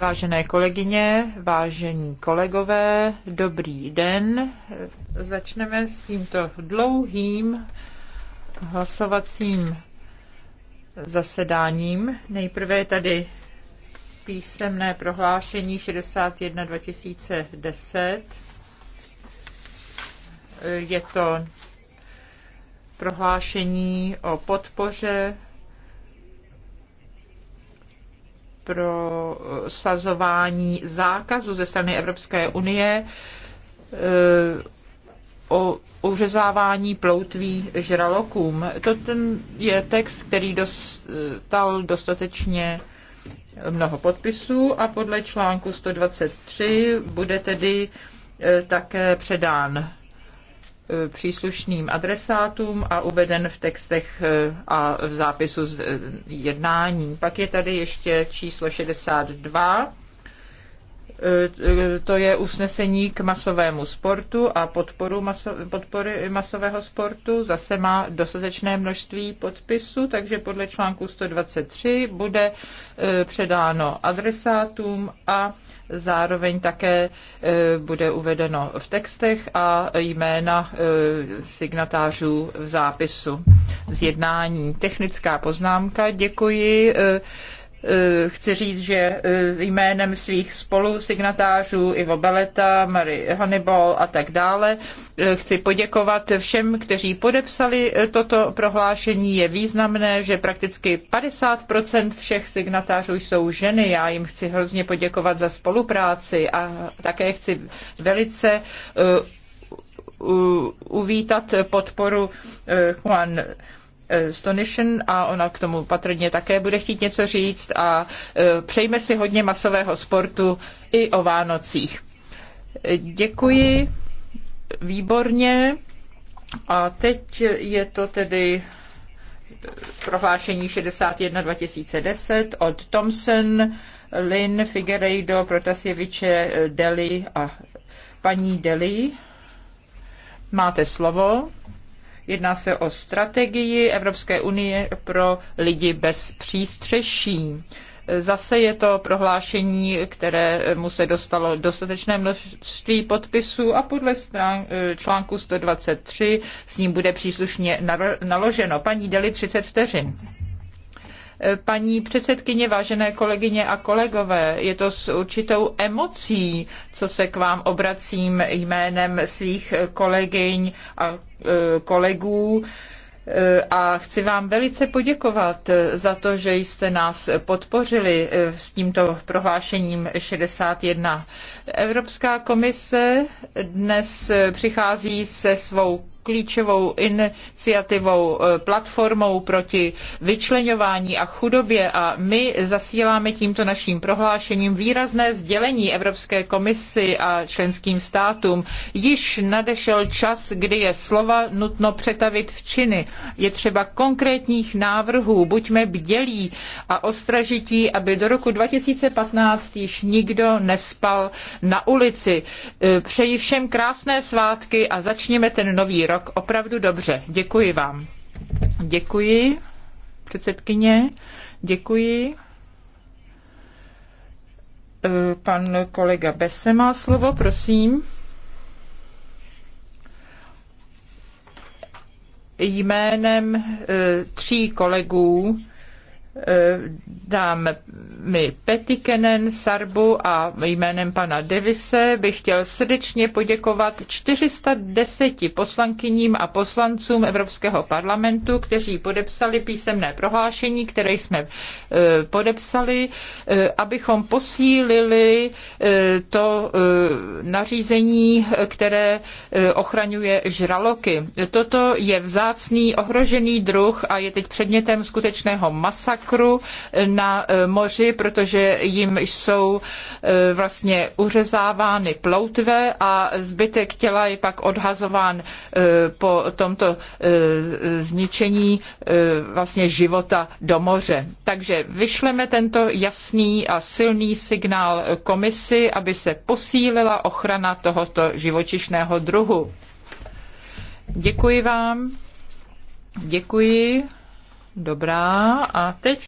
Vážené kolegyně, vážení kolegové, dobrý den. Začneme s tímto dlouhým hlasovacím zasedáním. Nejprve je tady písemné prohlášení 61 2010. Je to prohlášení o podpoře prosazování zákazu ze strany Evropské unie e, o uřezávání ploutví žralokům. To ten je text, který dostal dostatečně mnoho podpisů a podle článku 123 bude tedy e, také předán E, příslušným adresátům a uveden v textech e, a v zápisu z e, jednání. Pak je tady ještě číslo 62. Eh, to je usnesení k masovému sportu a podporu maso, podpory masového sportu. Zase má dostatečné množství podpisů, takže podle článku 123 bude eh, předáno adresátům a zároveň také eh, bude uvedeno v textech a jména signatářů v zápisu z jednání. Technická poznámka. Děkuji Eh, chci říct, že eh, jménem svých spolusignatářů Ivo Beleta, Mary Hannibal a tak dále eh, chci poděkovat všem, kteří podepsali toto prohlášení. Je významné, že prakticky 50% všech signatářů jsou ženy. Já jim chci hrozně poděkovat za spolupráci a také chci velice uvítat podporu Juan Stonishen a ona k tomu patrně také bude chtít něco říct a e, přejme si hodně masového sportu i o Vánocích. Děkuji, výborně. A teď je to tedy prohlášení 61 2010 od Thomson, Lynn, Figueiredo, Protasjeviče, Deli a paní Deli. Máte slovo. Jedná se o strategii Evropské unie pro lidi bez přístřeší. Zase je to prohlášení, které mu se dostalo dostatečné množství podpisů a podle strán, eh, článku 123 s ním bude příslušně naloženo. Paní Deli 30 vteřin. Paní předsedkyně, vážené kolegyně a kolegové, je to s určitou emocí, co se k vám obracím jménem svých kolegyň a e, kolegů e, a chci vám velice poděkovat za to, že jste nás podpořili e, s tímto prohlášením 61. Evropská komise dnes přichází se svou klíčovou iniciativou, eh, platformou proti vyčleňování a chudobě a my zasíláme tímto naším prohlášením výrazné sdělení Evropské komisi a členským státům. Již nadešel čas, kdy je slova nutno přetavit v činy. Je třeba konkrétních návrhů, buďme bdělí a ostražití, aby do roku 2015 již nikdo nespal na ulici. Eh, přeji všem krásné svátky a začněme ten nový rok opravdu dobře. Děkuji vám. Děkuji, předsedkyně. Děkuji. Eh, pan kolega Bese má slovo, prosím. Jménem eh, tří kolegů eh, dám mi Petikenen, Sarbu a jménem pana Devise bych chtěl srdečně poděkovat 410 poslankyním a poslancům Evropského parlamentu, kteří podepsali písemné prohlášení, které jsme e, podepsali, e, abychom posílili e, to nařízení, které ochraňuje žraloky. Toto je vzácný ohrožený druh a je teď předmětem skutečného masakru na moři protože jim jsou e, vlastně uřezávány ploutve a zbytek těla je pak odhazován e, po tomto e, zničení vlastně života do moře. Takže vyšleme tento jasný a silný signál komisi, aby se posílila ochrana tohoto živočišného druhu. Děkuji vám. Děkuji. Dobrá. A teď